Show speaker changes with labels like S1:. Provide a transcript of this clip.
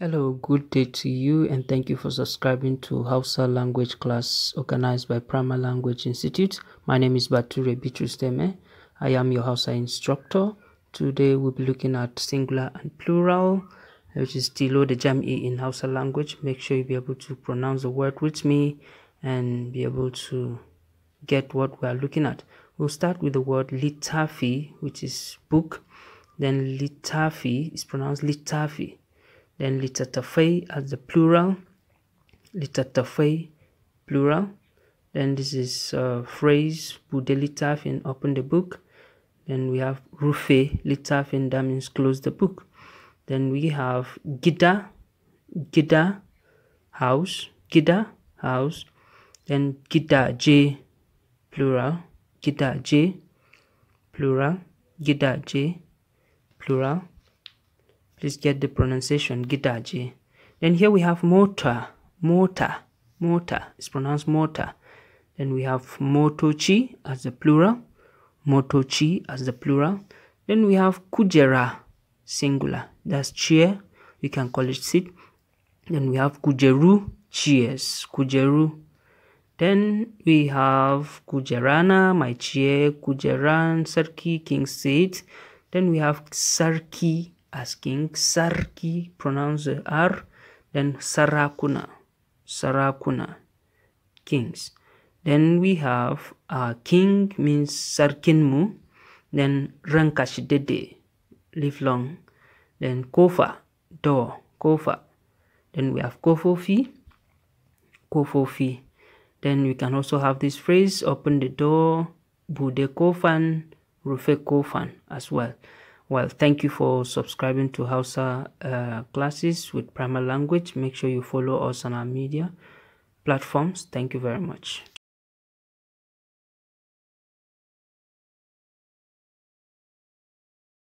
S1: Hello, good day to you, and thank you for subscribing to Hausa language class organized by Prima Language Institute. My name is Bature Bitrusteme. I am your Hausa instructor. Today we'll be looking at singular and plural, which is tilo the jami e in Hausa language. Make sure you be able to pronounce the word with me and be able to get what we are looking at. We'll start with the word litafi, which is book. Then litafi is pronounced litafi then litatafai as the plural litatafai plural then this is uh, phrase budelitaf in open the book then we have rufe litaf in that means close the book then we have gida gida house gida house then gida j plural gida j plural gida j plural let get the pronunciation Gidaji. Then here we have motor, motor, motor. It's pronounced motor. Then we have motochi as the plural, motochi as the plural. Then we have kujera, singular. That's chair. We can call it seat. Then we have kujeru, chairs, kujeru. Then we have kujerana, my chair, kujeran, sarki, king seat. Then we have sarki, asking Sarki, pronounce the R, then Sarakuna, Sarakuna, kings. Then we have uh, king means Sarkinmu, then Rankashdede, live long, then Kofa, door, Kofa. Then we have Kofofi, Kofofi. Then we can also have this phrase, open the door, Bude Kofan, Rufe Kofan as well well thank you for subscribing to hausa uh, classes with primal language make sure you follow us on our media platforms thank you very much